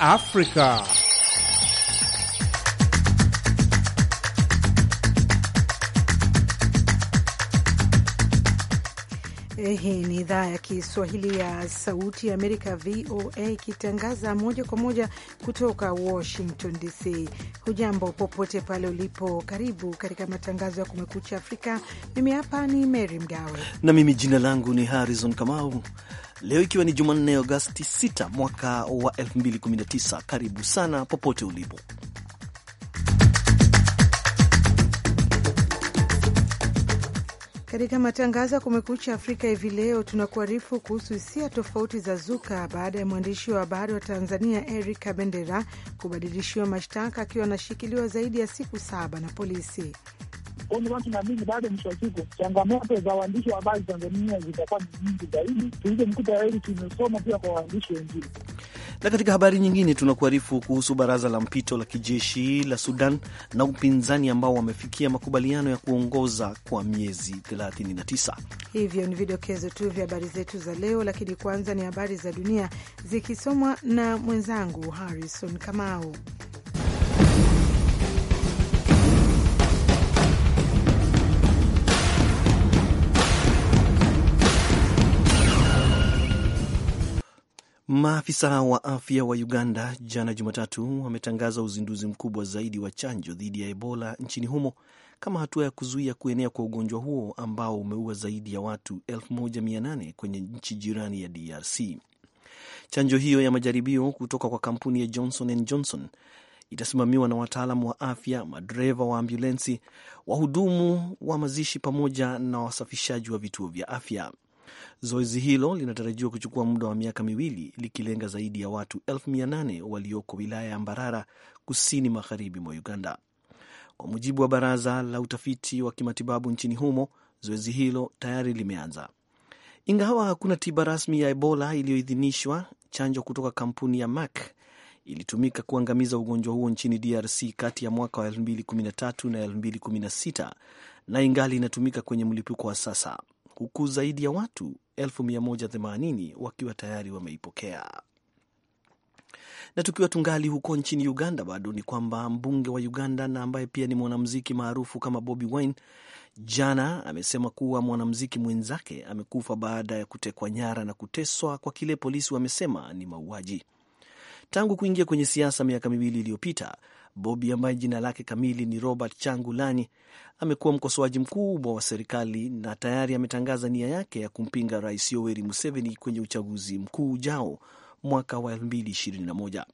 Africa. Hii ni idhaa ya Kiswahili ya Sauti ya Amerika, VOA, ikitangaza moja kwa moja kutoka Washington DC. Hujambo popote pale ulipo, karibu katika matangazo ya Kumekucha Afrika. Mimi hapa ni Mary Mgawe na mimi jina langu ni Harrison Kamau. Leo ikiwa ni Jumanne, Agosti 6 mwaka wa 2019. Karibu sana popote ulipo Katika matangazo ya Kumekucha Afrika hivi leo, tunakuarifu kuhusu hisia tofauti za zuka baada ya mwandishi wa habari wa Tanzania Eric Kabendera kubadilishiwa mashtaka akiwa anashikiliwa zaidi ya siku saba na polisi. Watu naamini baada ya mwisho wa siku changamoto za waandishi wa habari Tanzania zitakuwa ni nyingi zaidi. Tulizo mkuta zaidi tumesoma pia kwa waandishi wengine. Na katika habari nyingine, tunakuarifu kuhusu baraza la mpito la kijeshi la Sudan na upinzani ambao wamefikia makubaliano ya kuongoza kwa miezi 39. Hivyo ni vidokezo tu vya habari zetu za leo, lakini kwanza ni habari za dunia zikisomwa na mwenzangu Harrison Kamau. Maafisa wa afya wa Uganda jana Jumatatu wametangaza uzinduzi mkubwa zaidi wa chanjo dhidi ya Ebola nchini humo kama hatua ya kuzuia kuenea kwa ugonjwa huo ambao umeua zaidi ya watu 1800 kwenye nchi jirani ya DRC. Chanjo hiyo ya majaribio kutoka kwa kampuni ya Johnson and Johnson itasimamiwa na wataalamu wa afya, madereva wa ambulensi, wahudumu wa mazishi pamoja na wasafishaji wa vituo vya afya. Zoezi hilo linatarajiwa kuchukua muda wa miaka miwili likilenga zaidi ya watu elfu mia nane walioko wilaya ya Mbarara kusini magharibi mwa Uganda. Kwa mujibu wa baraza la utafiti wa kimatibabu nchini humo, zoezi hilo tayari limeanza. Ingawa hakuna tiba rasmi ya Ebola iliyoidhinishwa, chanjo kutoka kampuni ya Merck ilitumika kuangamiza ugonjwa huo nchini DRC kati ya mwaka wa 2013 na 2016 na ingali inatumika kwenye mlipuko wa sasa huku zaidi ya watu 180 wakiwa tayari wameipokea. Na tukiwa tungali huko nchini Uganda, bado ni kwamba mbunge wa Uganda na ambaye pia ni mwanamuziki maarufu kama Bobi Wine jana amesema kuwa mwanamuziki mwenzake amekufa baada ya kutekwa nyara na kuteswa kwa kile polisi wamesema ni mauaji. Tangu kuingia kwenye siasa miaka miwili iliyopita, Bobi ambaye jina lake kamili ni Robert Changulani amekuwa mkosoaji mkubwa wa serikali na tayari ametangaza nia yake ya kumpinga Rais Yoweri Museveni kwenye uchaguzi mkuu ujao mwaka wa 2021.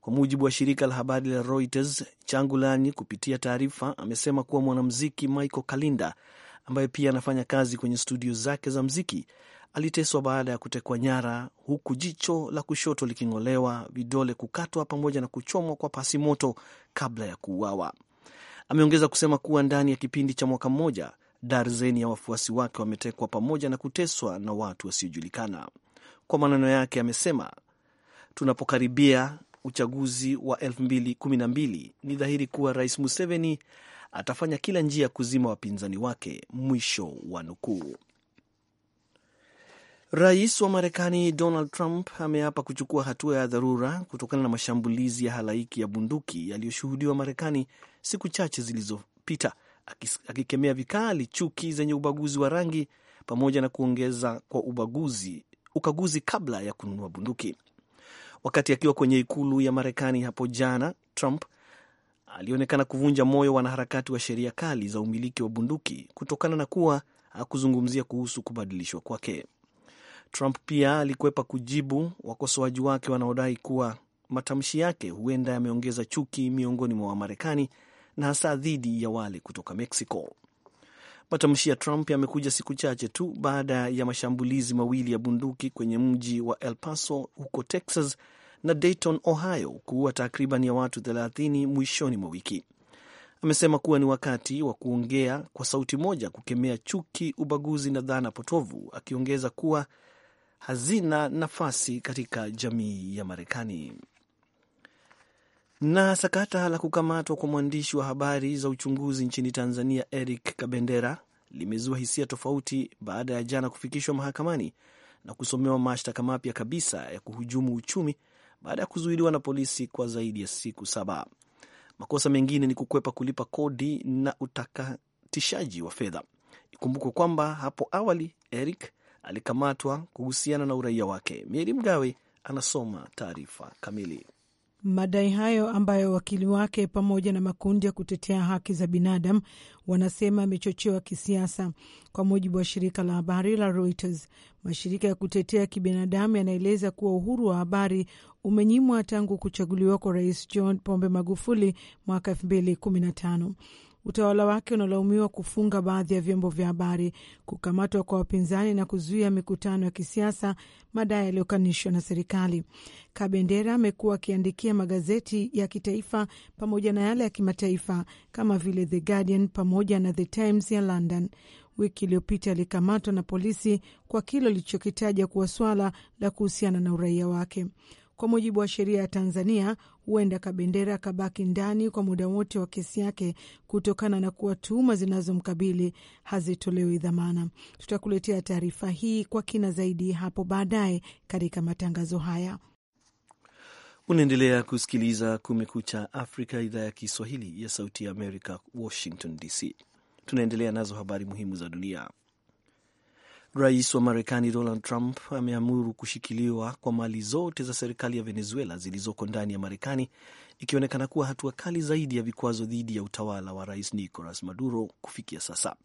Kwa mujibu wa shirika la habari la Reuters, Changulani kupitia taarifa amesema kuwa mwanamziki Michael Kalinda ambaye pia anafanya kazi kwenye studio zake za mziki aliteswa baada ya kutekwa nyara, huku jicho la kushoto liking'olewa, vidole kukatwa, pamoja na kuchomwa kwa pasi moto kabla ya kuuawa. Ameongeza kusema kuwa ndani ya kipindi cha mwaka mmoja darzeni ya wafuasi wake wametekwa pamoja na kuteswa na watu wasiojulikana. Kwa maneno yake, amesema tunapokaribia uchaguzi wa 2012 ni dhahiri kuwa Rais Museveni atafanya kila njia kuzima wapinzani wake, mwisho wa nukuu. Rais wa Marekani Donald Trump ameapa kuchukua hatua ya dharura kutokana na mashambulizi ya halaiki ya bunduki yaliyoshuhudiwa Marekani siku chache zilizopita, akikemea vikali chuki zenye ubaguzi wa rangi pamoja na kuongeza kwa ubaguzi, ukaguzi kabla ya kununua bunduki. Wakati akiwa kwenye ikulu ya Marekani hapo jana, Trump alionekana kuvunja moyo wanaharakati wa sheria kali za umiliki wa bunduki kutokana na kuwa hakuzungumzia kuhusu kubadilishwa kwake. Trump pia alikwepa kujibu wakosoaji wake wanaodai kuwa matamshi yake huenda yameongeza chuki miongoni mwa Wamarekani na hasa dhidi ya wale kutoka Mexico. Matamshi ya Trump yamekuja siku chache tu baada ya mashambulizi mawili ya bunduki kwenye mji wa El Paso huko Texas na Dayton, Ohio, kuua takriban ya watu 30 mwishoni mwa wiki. Amesema kuwa ni wakati wa kuongea kwa sauti moja kukemea chuki, ubaguzi na dhana potovu, akiongeza kuwa hazina nafasi katika jamii ya Marekani. Na sakata la kukamatwa kwa mwandishi wa habari za uchunguzi nchini Tanzania Eric Kabendera limezua hisia tofauti baada ya jana kufikishwa mahakamani na kusomewa mashtaka mapya kabisa ya kuhujumu uchumi baada ya kuzuiliwa na polisi kwa zaidi ya siku saba. Makosa mengine ni kukwepa kulipa kodi na utakatishaji wa fedha. Ikumbukwe kwamba hapo awali Eric alikamatwa kuhusiana na uraia wake. Meri Mgawe anasoma taarifa kamili. Madai hayo ambayo wakili wake pamoja na makundi ya kutetea haki za binadamu wanasema yamechochewa kisiasa, kwa mujibu wa shirika la habari la Reuters. Mashirika ya kutetea kibinadamu yanaeleza kuwa uhuru wa habari umenyimwa tangu kuchaguliwa kwa Rais John Pombe Magufuli mwaka elfu mbili kumi na tano utawala wake unalaumiwa kufunga baadhi ya vyombo vya habari, kukamatwa kwa wapinzani na kuzuia mikutano ya kisiasa, madai yaliyokanishwa na serikali. Kabendera amekuwa akiandikia magazeti ya kitaifa pamoja na yale ya kimataifa kama vile The Guardian pamoja na The Times ya London. Wiki iliyopita alikamatwa na polisi kwa kile alichokitaja kuwa swala la kuhusiana na uraia wake kwa mujibu wa sheria ya Tanzania, huenda Kabendera akabaki ndani kwa muda wote wa kesi yake kutokana na kuwa tuhuma zinazomkabili hazitolewi dhamana. Tutakuletea taarifa hii kwa kina zaidi hapo baadaye katika matangazo haya. Unaendelea kusikiliza Kumekucha Afrika, idhaa ya Kiswahili ya Sauti ya Amerika, Washington DC. Tunaendelea nazo habari muhimu za dunia. Rais wa Marekani Donald Trump ameamuru kushikiliwa kwa mali zote za serikali ya Venezuela zilizoko ndani ya Marekani, ikionekana kuwa hatua kali zaidi ya vikwazo dhidi ya utawala wa Rais Nicolas Maduro kufikia sasa.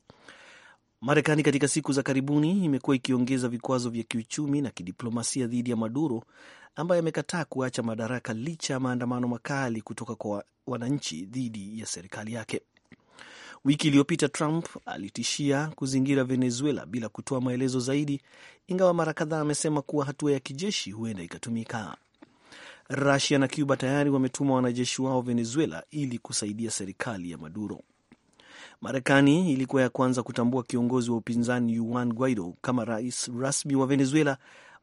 Marekani katika siku za karibuni imekuwa ikiongeza vikwazo vya kiuchumi na kidiplomasia dhidi ya Maduro ambaye amekataa kuacha madaraka licha ya maandamano makali kutoka kwa wananchi dhidi ya serikali yake. Wiki iliyopita Trump alitishia kuzingira Venezuela bila kutoa maelezo zaidi, ingawa mara kadhaa amesema kuwa hatua ya kijeshi huenda ikatumika. Rusia na Cuba tayari wametuma wanajeshi wao Venezuela ili kusaidia serikali ya Maduro. Marekani ilikuwa ya kwanza kutambua kiongozi wa upinzani Juan Guaido kama rais rasmi wa Venezuela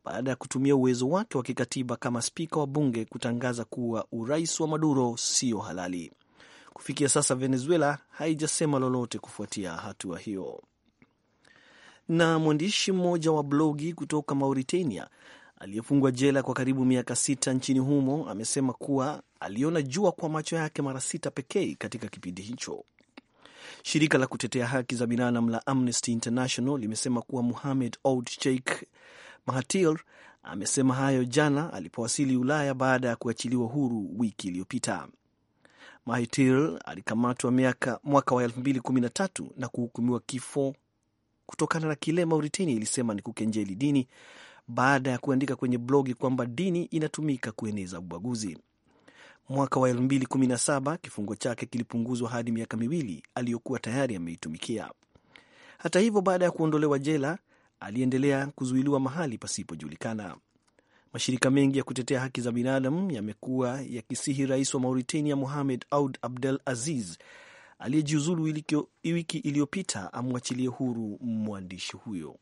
baada ya kutumia uwezo wake wa kikatiba kama spika wa bunge kutangaza kuwa urais wa Maduro sio halali. Kufikia sasa Venezuela haijasema lolote kufuatia hatua hiyo. Na mwandishi mmoja wa blogi kutoka Mauritania aliyefungwa jela kwa karibu miaka sita nchini humo amesema kuwa aliona jua kwa macho yake mara sita pekee katika kipindi hicho. Shirika la kutetea haki za binadamu la Amnesty International limesema kuwa Muhamed Ould Sheikh mahatir amesema hayo jana alipowasili Ulaya baada ya kuachiliwa huru wiki iliyopita. Mahitir alikamatwa mwaka wa kumi na kuhukumiwa kifo kutokana na kile Mauritania ilisema ni kukenjeli dini baada ya kuandika kwenye blogi kwamba dini inatumika kueneza ubaguzi. Mwaka wa saba kifungo chake kilipunguzwa hadi miaka miwili aliyokuwa tayari ameitumikia. Hata hivyo, baada ya kuondolewa jela, aliendelea kuzuiliwa mahali pasipojulikana. Mashirika mengi ya kutetea haki za binadamu yamekuwa yakisihi rais wa Mauritania Mohamed aud Abdel Aziz aliyejiuzulu wiki iliyopita amwachilie huru mwandishi huyo.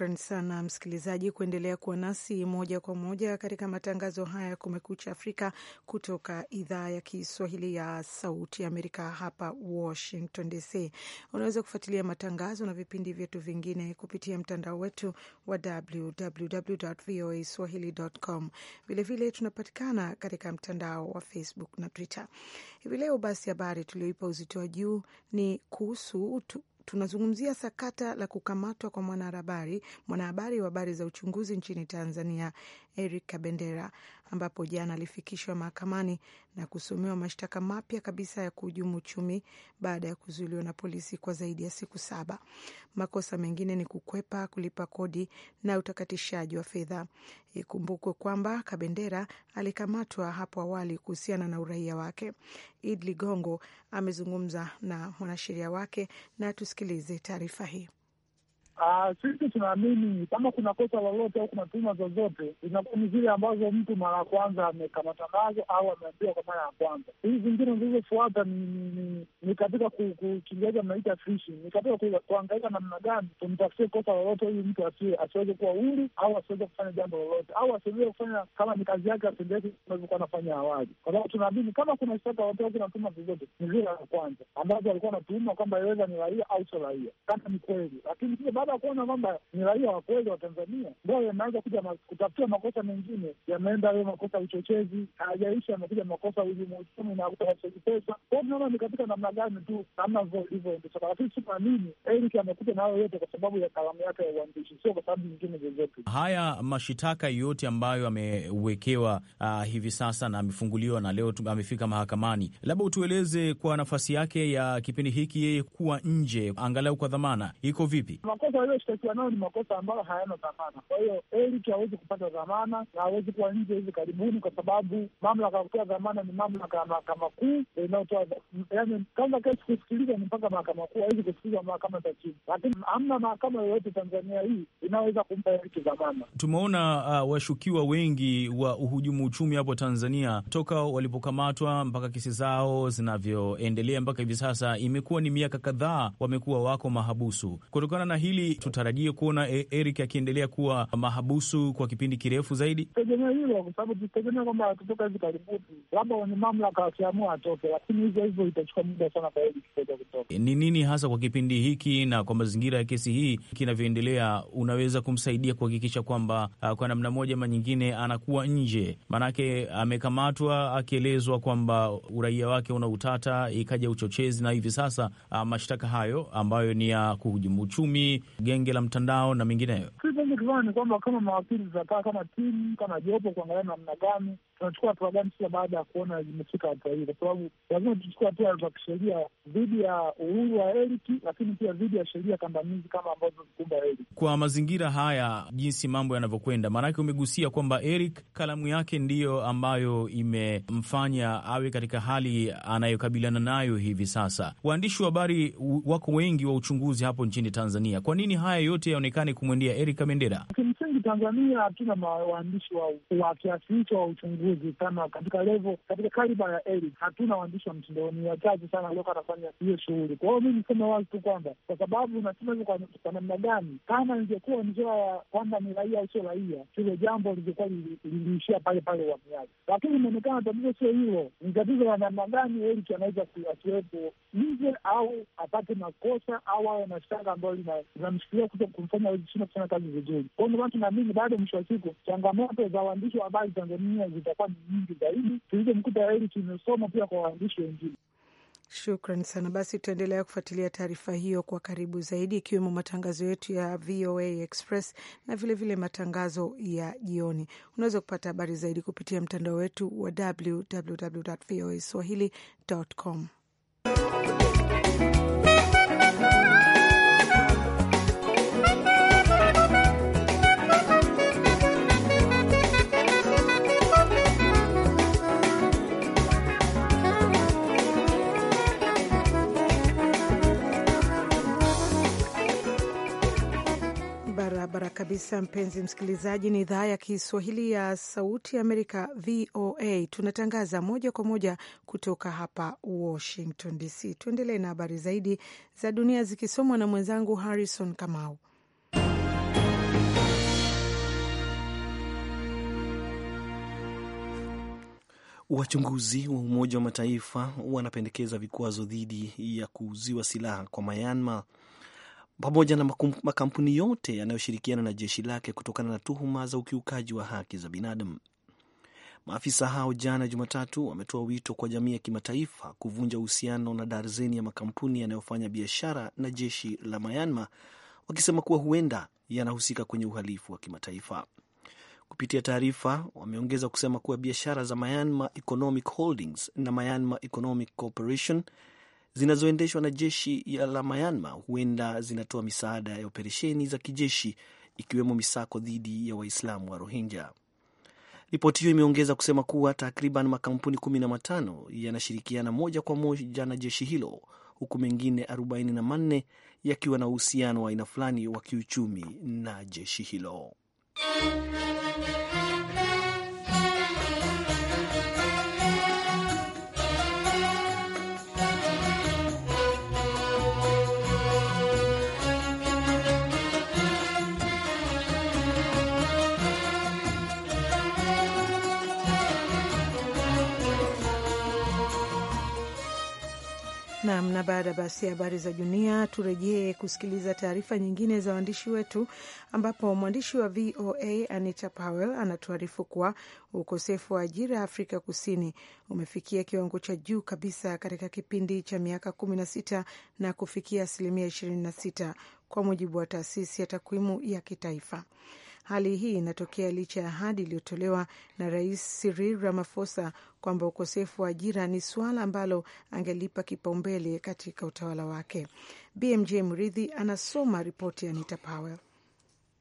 Shukran sana msikilizaji kuendelea kuwa nasi moja kwa moja katika matangazo haya ya Kumekucha Afrika kutoka idhaa ya Kiswahili ya Sauti Amerika hapa Washington DC. Unaweza kufuatilia matangazo na vipindi vyetu vingine kupitia mtandao wetu wa swahilicom Vilevile tunapatikana katika mtandao wa Facebook na Twitter hivi leo. Basi habari tulioipa uzito wa juu ni kuhusu tunazungumzia sakata la kukamatwa kwa mwanahabari mwanahabari wa habari za uchunguzi nchini Tanzania Eric Kabendera ambapo jana alifikishwa mahakamani na kusomewa mashtaka mapya kabisa ya kuhujumu uchumi baada ya kuzuiliwa na polisi kwa zaidi ya siku saba. Makosa mengine ni kukwepa kulipa kodi na utakatishaji wa fedha. Ikumbukwe kwamba Kabendera alikamatwa hapo awali kuhusiana na uraia wake. Id Ligongo amezungumza na mwanasheria wake na tusikilize taarifa hii. Uh, sisi tunaamini kama kuna kosa lolote au kuna tuma zozote zinakuwa ni zile ambazo mtu mara ya kwanza amekamata nazo au ameambiwa kwa mara ya kwanza. Hizi zingine zilizofuata ni, ni, ni katika Kiingereza mnaita fishing, ni katika kuangaika namna gani tumtafutie kosa lolote huyu mtu asiweze kuwa huru au asiweze kufanya jambo lolote au asiweze kufanya kama ni kazi yake kama alivyokuwa anafanya awali, kwa sababu tunaamini kama kuna shtaka lolote au kuna zozote ni zile za kwanza ambazo alikuwa anatuuma kwamba iweza ni raia au sio raia, kama ni kweli, lakini baada ya kuona kwamba ni raia wa kweli wa Tanzania, ndio yameanza kuja kutafutia makosa mengine, yameenda hayo makosa ya uchochezi, hayajaisha amekuja makosa uhujumu uchumi na uaji pesa. tunaona ni katika namna gani tu, namna ilivyoendesha, lakini si tunaamini Eric amekuja na hayo yote kwa sababu ya kalamu yake ya uandishi, sio kwa sababu nyingine zozote. Haya mashitaka yote ambayo amewekewa uh, hivi sasa na amefunguliwa na leo amefika mahakamani, labda utueleze kwa nafasi yake ya kipindi hiki, yeye kuwa nje angalau kwa dhamana iko vipi makosa Watu walioshtakiwa nao ni makosa ambayo hayana dhamana. Kwa hiyo Eric hawezi kupata dhamana na hawezi kuwa nje hivi karibuni, kwa sababu mamlaka ya kutoa dhamana ni mamlaka ya mahakama kuu inayotoa yaani, kwanza kesi kusikilizwa ni mpaka mahakama kuu, hawezi kusikilizwa mahakama za chini, lakini hamna mahakama yoyote Tanzania hii inaweza kumpa Eric dhamana. Tumeona uh, washukiwa wengi wa uhujumu uchumi hapo Tanzania toka walipokamatwa mpaka kesi zao zinavyoendelea mpaka hivi sasa, imekuwa ni miaka kadhaa wamekuwa wako mahabusu kutokana na hili hili tutarajie kuona e, Eric akiendelea kuwa mahabusu kwa kipindi kirefu zaidi? Tegemea hilo, kwa sababu tutegemea kwamba atatoka hivi karibuni, labda wenye mamlaka wakiamua atoke, lakini hivyo hivyo itachukua muda sana kwa Eric kuweza kutoka. Ni nini hasa kwa kipindi hiki na kwa mazingira ya kesi hii kinavyoendelea, unaweza kumsaidia kuhakikisha kwamba kwa namna moja ama nyingine anakuwa nje? Maanake amekamatwa akielezwa kwamba uraia wake una utata, ikaja uchochezi na hivi sasa mashtaka hayo ambayo ni ya kuhujumu uchumi genge la mtandao na mengineyo. Sisi tunachosema ni kwamba kama mawakili tutakaa kama timu, kama jopo, kuangalia namna gani tunachukua hatua gani sasa baada ya kuona zimefika hatua hii, kwa sababu lazima tuchukua hatua za kisheria dhidi ya uhuru wa eliki, lakini pia dhidi ya sheria kandamizi kama ambazo zikumba Eric. Kwa mazingira haya jinsi mambo yanavyokwenda, maanake umegusia kwamba Eric kalamu yake ndiyo ambayo imemfanya awe katika hali anayokabiliana nayo hivi sasa. Waandishi wa habari wako wengi wa uchunguzi hapo nchini Tanzania, kwa nini haya yote yaonekane kumwendea Eric amendera wengi Tanzania hatuna waandishi wa kiasi hicho wa uchunguzi kama katika levo, katika kaliba ya eli hatuna waandishi wa mtindoni, ni wachache sana waliokuwa wanafanya hiyo shughuli. Kwa hiyo mi niseme wazi tu kwamba kwa sababu nasema hivyo kwa namna gani, kama ingekuwa njia ya kwamba ni raia au sio raia, hilo jambo lingekuwa liliishia pale pale uhamiaji, lakini imeonekana tatizo sio hilo, ni tatizo la namna gani eli anaweza asiwepo nje au apate makosa au awe na shanga ambayo linamshikilia kumfanya ashindwe kufanya kazi vizuri. Kwa hiyo tunaamini bado mwisho wa siku changamoto za waandishi wa habari Tanzania zitakuwa ni nyingi zaidi tulizomkuta waili tumesoma pia kwa waandishi wengine. Shukran sana. Basi tutaendelea kufuatilia taarifa hiyo kwa karibu zaidi, ikiwemo matangazo yetu ya VOA Express na vilevile vile matangazo ya jioni. Unaweza kupata habari zaidi kupitia mtandao wetu wa www voa swahili com kabisa mpenzi msikilizaji, ni idhaa ya Kiswahili ya Sauti Amerika, VOA. Tunatangaza moja kwa moja kutoka hapa Washington DC. Tuendelee na habari zaidi za dunia zikisomwa na mwenzangu Harrison Kamau. Wachunguzi wa Umoja wa Mataifa wanapendekeza vikwazo dhidi ya kuuziwa silaha kwa Myanmar pamoja na makampuni yote yanayoshirikiana na jeshi lake kutokana na tuhuma za ukiukaji wa haki za binadamu. Maafisa hao jana Jumatatu wametoa wito kwa jamii ya kimataifa kuvunja uhusiano na darzeni ya makampuni yanayofanya biashara na jeshi la Myanmar, wakisema kuwa huenda yanahusika kwenye uhalifu wa kimataifa. Kupitia taarifa, wameongeza kusema kuwa biashara za Myanmar Economic Holdings na Myanmar Economic Corporation zinazoendeshwa na jeshi ya la Myanmar huenda zinatoa misaada ya operesheni za kijeshi ikiwemo misako dhidi ya Waislamu wa Rohingya. Ripoti hiyo imeongeza kusema kuwa takriban makampuni kumi na matano yanashirikiana moja kwa moja na jeshi hilo huku mengine arobaini na manne yakiwa na uhusiano wa aina fulani wa kiuchumi na jeshi hilo. Nam na baada basi ya habari za dunia, turejee kusikiliza taarifa nyingine za waandishi wetu, ambapo mwandishi wa VOA Anita Powell anatuarifu kuwa ukosefu wa ajira ya Afrika Kusini umefikia kiwango cha juu kabisa katika kipindi cha miaka kumi na kufikia asilimia 26 kwa mujibu wa taasisi ya takwimu ya kitaifa. Hali hii inatokea licha ya ahadi iliyotolewa na Rais Cyril Ramaphosa kwamba ukosefu wa ajira ni suala ambalo angelipa kipaumbele katika utawala wake. BMJ Mridhi anasoma ripoti ya Anita Powell.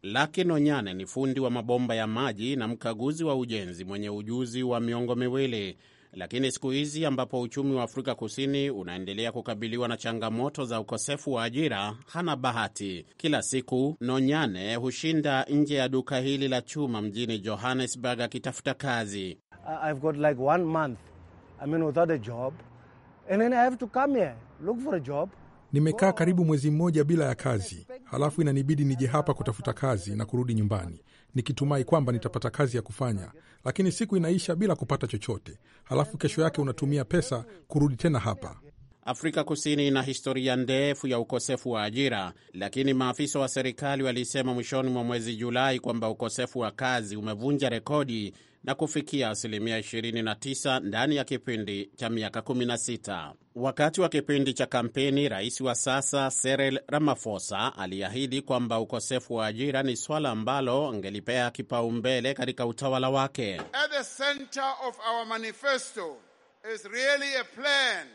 Laki Nonyane ni fundi wa mabomba ya maji na mkaguzi wa ujenzi mwenye ujuzi wa miongo miwili. Lakini siku hizi ambapo uchumi wa Afrika Kusini unaendelea kukabiliwa na changamoto za ukosefu wa ajira, hana bahati. Kila siku Nonyane hushinda nje ya duka hili la chuma mjini Johannesburg akitafuta kazi. I've got like one month, I mean, without a job. And then I have to come here, look for a job. Nimekaa karibu mwezi mmoja bila ya kazi, halafu inanibidi nije hapa kutafuta kazi na kurudi nyumbani nikitumai kwamba nitapata kazi ya kufanya, lakini siku inaisha bila kupata chochote, halafu kesho yake unatumia pesa kurudi tena hapa. Afrika Kusini ina historia ndefu ya ukosefu wa ajira, lakini maafisa wa serikali walisema mwishoni mwa mwezi Julai kwamba ukosefu wa kazi umevunja rekodi na kufikia asilimia 29 ndani ya kipindi cha miaka 16. Wakati wa kipindi cha kampeni, rais wa sasa Cyril Ramaphosa aliahidi kwamba ukosefu wa ajira ni swala ambalo angelipea kipaumbele katika utawala wake. At the center of our manifesto is really a plan.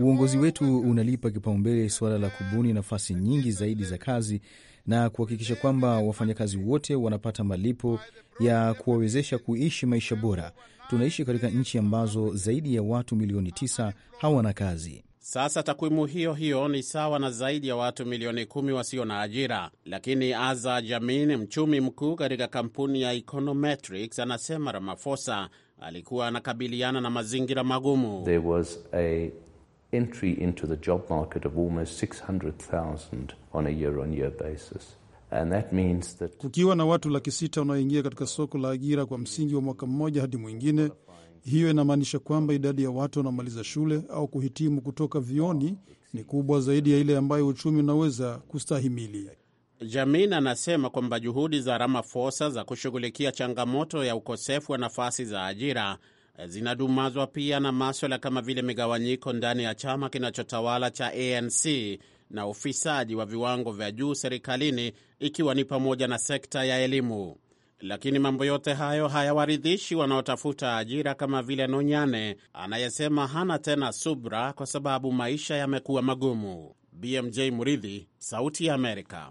Uongozi wetu unalipa kipaumbele suala la kubuni nafasi nyingi zaidi za kazi na kuhakikisha kwamba wafanyakazi wote wanapata malipo ya kuwawezesha kuishi maisha bora. Tunaishi katika nchi ambazo zaidi ya watu milioni tisa hawana kazi. Sasa takwimu hiyo hiyo ni sawa na zaidi ya watu milioni kumi wasio na ajira. Lakini Aza Jamin, mchumi mkuu katika kampuni ya Econometrics, anasema ramafosa alikuwa anakabiliana na mazingira magumu. There was a entry into the job market of almost 600,000 on a year-on-year basis. And that means that... kukiwa na watu laki sita wanaoingia katika soko la ajira kwa msingi wa mwaka mmoja hadi mwingine, hiyo inamaanisha kwamba idadi ya watu wanaomaliza shule au kuhitimu kutoka vioni ni kubwa zaidi ya ile ambayo uchumi unaweza kustahimili. Jamin anasema kwamba juhudi za Ramaphosa za kushughulikia changamoto ya ukosefu wa nafasi za ajira zinadumazwa pia na maswala kama vile migawanyiko ndani ya chama kinachotawala cha ANC na ufisadi wa viwango vya juu serikalini, ikiwa ni pamoja na sekta ya elimu. Lakini mambo yote hayo hayawaridhishi wanaotafuta ajira kama vile Nonyane anayesema hana tena subra kwa sababu maisha yamekuwa magumu. BMJ Muridhi, Sauti ya Amerika.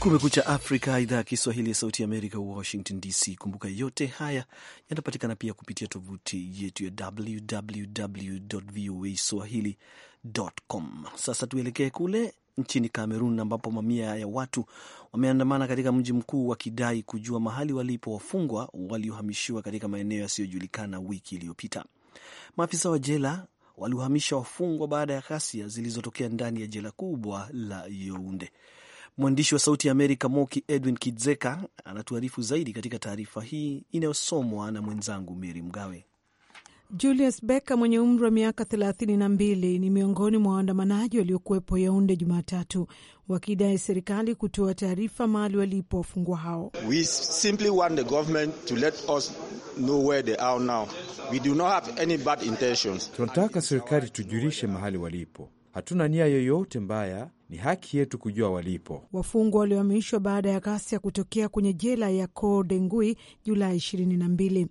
Kumekucha Afrika, idhaa ya Kiswahili ya Sauti ya Amerika, Washington DC. Kumbuka yote haya yanapatikana pia kupitia tovuti yetu ya www voa swahili.com. Sasa tuelekee kule nchini Kamerun, ambapo mamia ya watu wameandamana katika mji mkuu wakidai kujua mahali walipo wafungwa waliohamishiwa katika maeneo yasiyojulikana wiki iliyopita. Maafisa wa jela waliohamisha wafungwa baada ya ghasia zilizotokea ndani ya jela kubwa la Younde. Mwandishi wa Sauti ya Amerika Moki Edwin Kidzeka anatuarifu zaidi katika taarifa hii inayosomwa na mwenzangu Meri Mgawe. Julius Beka mwenye umri wa miaka thelathini na mbili ni miongoni mwa waandamanaji waliokuwepo Yaunde Jumatatu wakidai serikali kutoa taarifa mahali walipo wafungwa hao. Tunataka serikali tujulishe mahali walipo. Hatuna nia yoyote mbaya ni haki yetu kujua walipo. Wafungwa waliohamishwa baada ya ghasia kutokea kwenye jela ya Kor Dengui Julai 22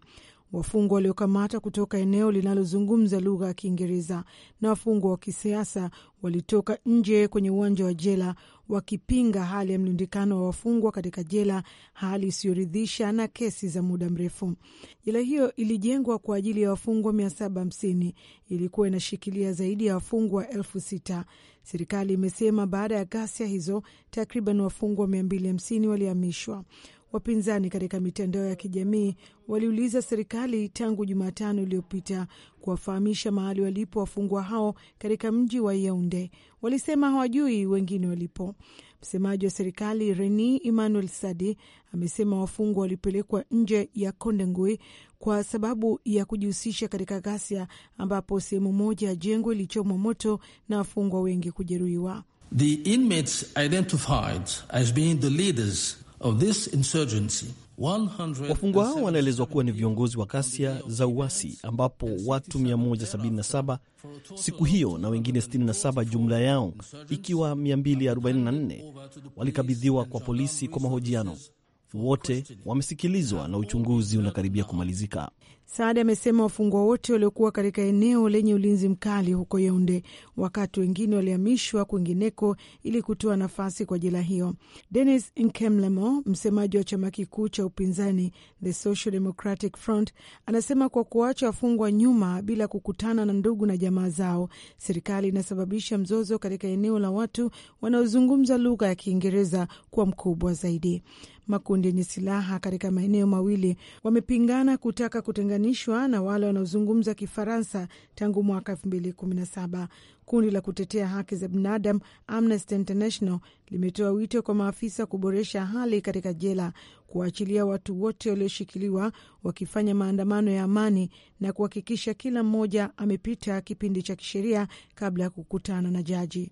wafungwa waliokamata kutoka eneo linalozungumza lugha ya Kiingereza na wafungwa wa kisiasa walitoka nje kwenye uwanja wa jela wakipinga hali ya mlundikano wa wafungwa katika jela, hali isiyoridhisha na kesi za muda mrefu. Jela hiyo ilijengwa kwa ajili ya wafungwa 750 ilikuwa inashikilia zaidi ya wafungwa elfu sita. Serikali imesema baada ya ghasia hizo takriban wafungwa 250 walihamishwa. Wapinzani katika mitandao ya kijamii waliuliza serikali tangu Jumatano iliyopita kuwafahamisha mahali walipo wafungwa hao katika mji wa Yaunde. Walisema hawajui wengine walipo. Msemaji wa serikali Reni Emmanuel Sadi amesema wafungwa walipelekwa nje ya Kondengui kwa sababu ya kujihusisha katika ghasia, ambapo sehemu moja ya jengo ilichomwa moto na wafungwa wengi kujeruhiwa. The inmates identified as being the leaders of this insurgency. Wafungwa hao wanaelezwa kuwa ni viongozi wa ghasia za uasi ambapo watu 177 siku hiyo na wengine 67 jumla yao ikiwa 244 walikabidhiwa kwa polisi kwa mahojiano. Wote wamesikilizwa na uchunguzi unakaribia kumalizika. Saada amesema wafungwa wote waliokuwa katika eneo lenye ulinzi mkali huko Yaunde, wakati wengine walihamishwa kwingineko ili kutoa nafasi kwa jela hiyo. Denis Nkemlemo, msemaji wa chama kikuu cha upinzani The Social Democratic Front, anasema kwa kuacha wafungwa nyuma bila kukutana na ndugu na jamaa zao, serikali inasababisha mzozo katika eneo la watu wanaozungumza lugha ya Kiingereza kuwa mkubwa zaidi. Makundi yenye silaha katika maeneo mawili wamepingana kutaka kutenga kulinganishwa na wale wanaozungumza Kifaransa tangu mwaka 2017. Kundi la kutetea haki za binadamu Amnesty International limetoa wito kwa maafisa kuboresha hali katika jela, kuwaachilia watu wote walioshikiliwa wakifanya maandamano ya amani na kuhakikisha kila mmoja amepita kipindi cha kisheria kabla ya kukutana na jaji.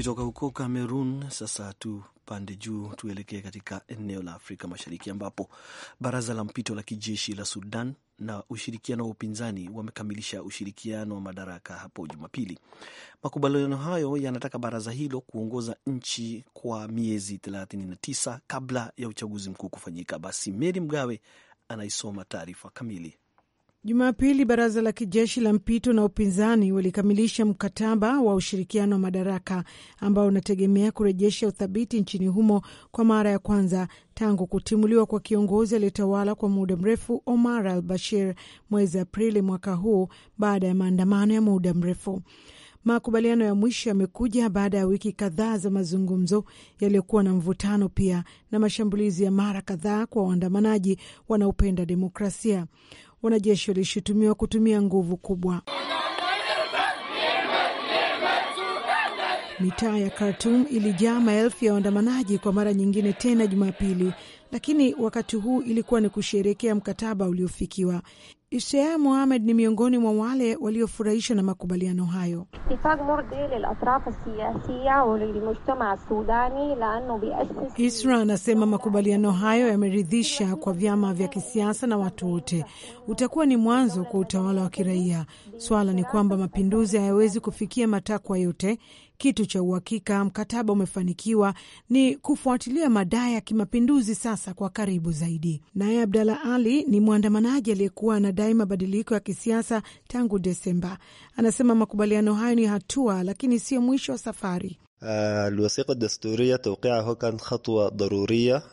Tukitoka huko cameron sasa tupande juu, tuelekee katika eneo la Afrika Mashariki ambapo baraza la mpito la kijeshi la Sudan na ushirikiano wa upinzani wamekamilisha ushirikiano wa madaraka hapo Jumapili. Makubaliano hayo yanataka baraza hilo kuongoza nchi kwa miezi 39 kabla ya uchaguzi mkuu kufanyika. Basi Meri Mgawe anaisoma taarifa kamili. Jumapili, baraza la kijeshi la mpito na upinzani walikamilisha mkataba wa ushirikiano wa madaraka ambao unategemea kurejesha uthabiti nchini humo kwa mara ya kwanza tangu kutimuliwa kwa kiongozi aliyetawala kwa muda mrefu Omar al Bashir mwezi Aprili mwaka huu baada ya maandamano ya muda mrefu. Makubaliano ya mwisho yamekuja baada ya wiki kadhaa za mazungumzo yaliyokuwa na mvutano pia na mashambulizi ya mara kadhaa kwa waandamanaji wanaopenda demokrasia wanajeshi walishutumiwa kutumia nguvu kubwa. Mitaa ya Khartum ilijaa maelfu ya waandamanaji kwa mara nyingine tena Jumapili, lakini wakati huu ilikuwa ni kusherekea mkataba uliofikiwa Ishea Mohamed ni miongoni mwa wale waliofurahishwa na makubaliano hayo. Isra anasema makubaliano hayo yameridhisha kwa vyama vya kisiasa na watu wote, utakuwa ni mwanzo kwa utawala wa kiraia. Swala ni kwamba mapinduzi hayawezi kufikia matakwa yote, kitu cha uhakika mkataba umefanikiwa ni kufuatilia madai ya kimapinduzi sasa kwa karibu zaidi. Naye Abdalla Ali ni mwandamanaji aliyekuwa anadai mabadiliko ya kisiasa tangu Desemba. Anasema makubaliano hayo ni hatua, lakini sio mwisho wa safari. الوثيقة الدستورية كان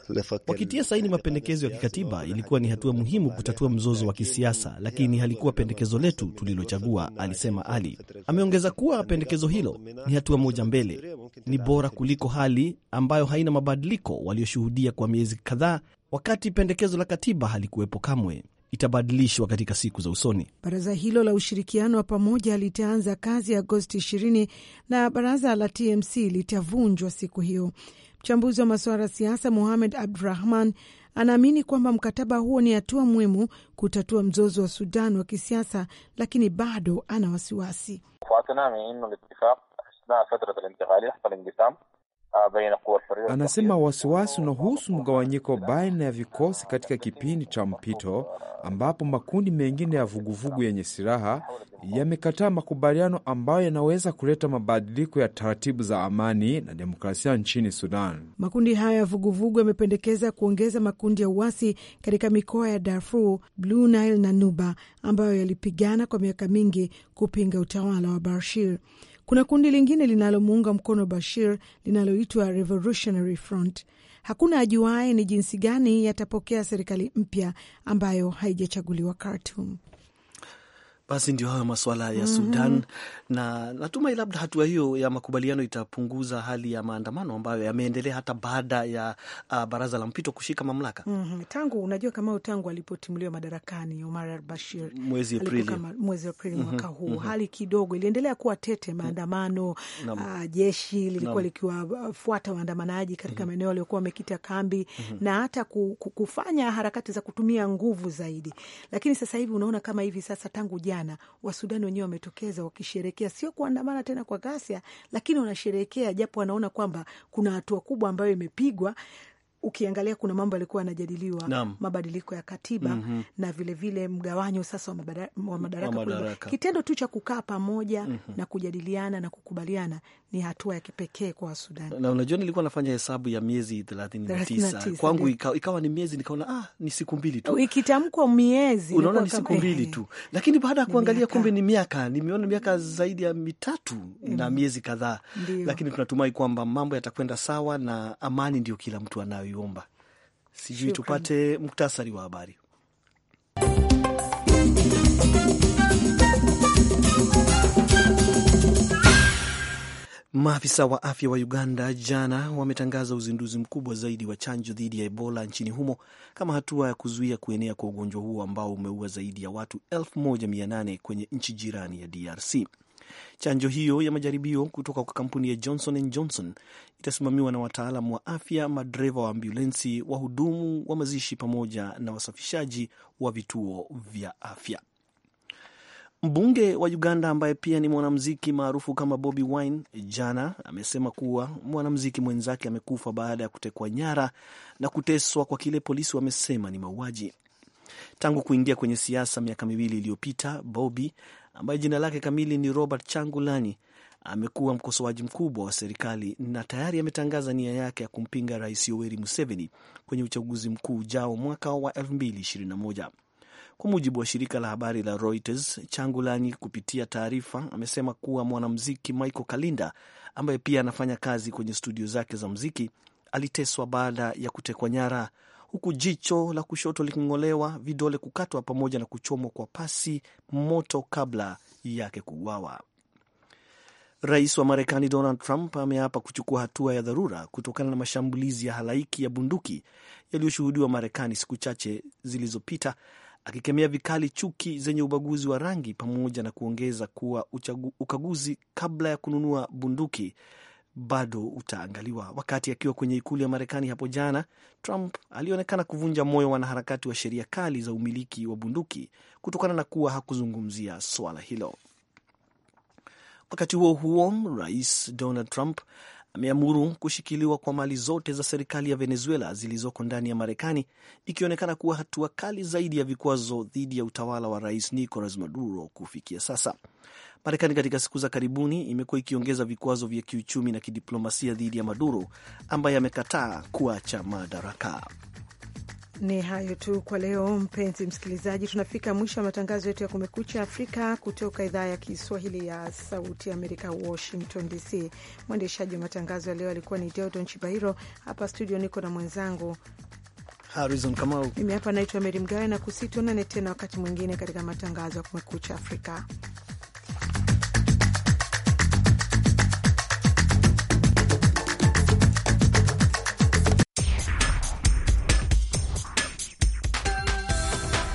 لفك wakitia saini mapendekezo ya kikatiba ilikuwa ni hatua muhimu kutatua mzozo wa kisiasa, lakini halikuwa pendekezo letu tulilochagua, alisema Ali. Ameongeza kuwa pendekezo hilo ni hatua moja mbele, ni bora kuliko hali ambayo haina mabadiliko walioshuhudia kwa miezi kadhaa, wakati pendekezo la katiba halikuwepo kamwe itabadilishwa katika siku za usoni. Baraza hilo la ushirikiano wa pamoja litaanza kazi Agosti 20 na baraza la TMC litavunjwa siku hiyo. Mchambuzi wa masuala ya siasa Muhamed Abdurahman anaamini kwamba mkataba huo ni hatua muhimu kutatua mzozo wa Sudan wa kisiasa, lakini bado ana wasiwasi. Anasema wasiwasi unahusu mgawanyiko baina ya vikosi katika kipindi cha mpito ambapo makundi mengine ya vuguvugu yenye silaha yamekataa makubaliano ambayo yanaweza kuleta mabadiliko ya taratibu za amani na demokrasia nchini Sudan. Makundi hayo ya vuguvugu yamependekeza kuongeza makundi ya uasi katika mikoa ya Darfur, Blue Nile na Nuba ambayo yalipigana kwa miaka mingi kupinga utawala wa Bashir. Kuna kundi lingine linalomuunga mkono Bashir linaloitwa Revolutionary Front. Hakuna ajuaye ni jinsi gani yatapokea serikali mpya ambayo haijachaguliwa Khartum. Basi ndio hayo masuala ya mhm. Sudan mm -hmm. Na natumai labda hatua hiyo ya makubaliano itapunguza hali ya maandamano ambayo yameendelea hata baada ya uh, baraza la mpito kushika mamlaka mm -hmm. Tangu unajua kama tangu alipotimuliwa madarakani Omar al-Bashir mwezi Aprili mwezi Aprili mm -hmm. mwaka huu mm -hmm. hali kidogo iliendelea kuwa tete, maandamano mm -hmm. uh, jeshi lilikuwa likiwafuata waandamanaji katika mhm. maeneo mm -hmm. waliokuwa wamekita kambi mm -hmm. na hata kufanya harakati za kutumia nguvu zaidi, lakini sasa hivi unaona kama hivi sasa tangu jana jana Wasudani wenyewe wametokeza wakisherekea, sio kuandamana tena kwa ghasia, lakini wanasherekea japo wanaona kwamba kuna hatua kubwa ambayo imepigwa ukiangalia kuna mambo yalikuwa yanajadiliwa, mabadiliko ya katiba mm -hmm. na vilevile mgawanyo sasa wa, madaraka. Kitendo tu cha kukaa pamoja mm -hmm. na kujadiliana na kukubaliana ni hatua ya kipekee kwa Sudan. Na unajua nilikuwa nafanya hesabu ya miezi thelathini na tisa kwangu ikawa, ikawa ni miezi nikaona, ah, ni siku mbili tu ikitamkwa miezi, unaona ni siku mbili eh, tu, lakini baada ya kuangalia kumbe ni miaka, nimeona miaka zaidi ya mitatu mm, na miezi kadhaa, lakini tunatumai kwamba mambo yatakwenda sawa na amani ndio kila mtu anayoiomba. Sijui tupate muktasari wa habari. Maafisa wa afya wa Uganda jana wametangaza uzinduzi mkubwa zaidi wa chanjo dhidi ya Ebola nchini humo kama hatua ya kuzuia kuenea kwa ugonjwa huo ambao umeua zaidi ya watu 1800 kwenye nchi jirani ya DRC. Chanjo hiyo ya majaribio kutoka kwa kampuni ya Johnson and Johnson itasimamiwa na wataalam wa afya, madereva wa ambulensi, wahudumu wa mazishi pamoja na wasafishaji wa vituo vya afya. Mbunge wa Uganda ambaye pia ni mwanamuziki maarufu kama Bobi Wine jana amesema kuwa mwanamuziki mwenzake amekufa baada ya kutekwa nyara na kuteswa kwa kile polisi wamesema ni mauaji. Tangu kuingia kwenye siasa miaka miwili iliyopita, Bobi ambaye jina lake kamili ni Robert Changulani amekuwa mkosoaji mkubwa wa serikali na tayari ametangaza nia yake ya kumpinga Rais Yoweri Museveni kwenye uchaguzi mkuu ujao mwaka wa 2021. Kwa mujibu wa shirika la habari la Reuters, Changulani kupitia taarifa amesema kuwa mwanamziki Michael Kalinda ambaye pia anafanya kazi kwenye studio zake za mziki aliteswa baada ya kutekwa nyara, huku jicho la kushoto liking'olewa, vidole kukatwa, pamoja na kuchomwa kwa pasi moto kabla yake kuuawa. Rais wa Marekani Donald Trump ameapa kuchukua hatua ya dharura kutokana na mashambulizi ya halaiki ya bunduki yaliyoshuhudiwa Marekani siku chache zilizopita akikemea vikali chuki zenye ubaguzi wa rangi pamoja na kuongeza kuwa uchagu, ukaguzi kabla ya kununua bunduki bado utaangaliwa. Wakati akiwa kwenye ikulu ya Marekani hapo jana, Trump alionekana kuvunja moyo wanaharakati wa sheria kali za umiliki wa bunduki kutokana na kuwa hakuzungumzia swala hilo. Wakati huo huo, Rais Donald Trump ameamuru kushikiliwa kwa mali zote za serikali ya Venezuela zilizoko ndani ya Marekani, ikionekana kuwa hatua kali zaidi ya vikwazo dhidi ya utawala wa Rais Nicolas Maduro kufikia sasa. Marekani katika siku za karibuni imekuwa ikiongeza vikwazo vya kiuchumi na kidiplomasia dhidi ya Maduro ambaye amekataa kuacha madaraka. Ni hayo tu kwa leo, mpenzi msikilizaji, tunafika mwisho wa matangazo yetu ya Kumekucha Afrika kutoka idhaa ya Kiswahili ya Sauti Amerika, Washington DC. Mwendeshaji wa matangazo ya leo alikuwa ni Deodon Chibahiro. Hapa studio niko na mwenzangu Harizon Kamau. Mimi hapa naitwa Meri Mgawe na kusituonane tena wakati mwingine katika matangazo ya Kumekucha Afrika.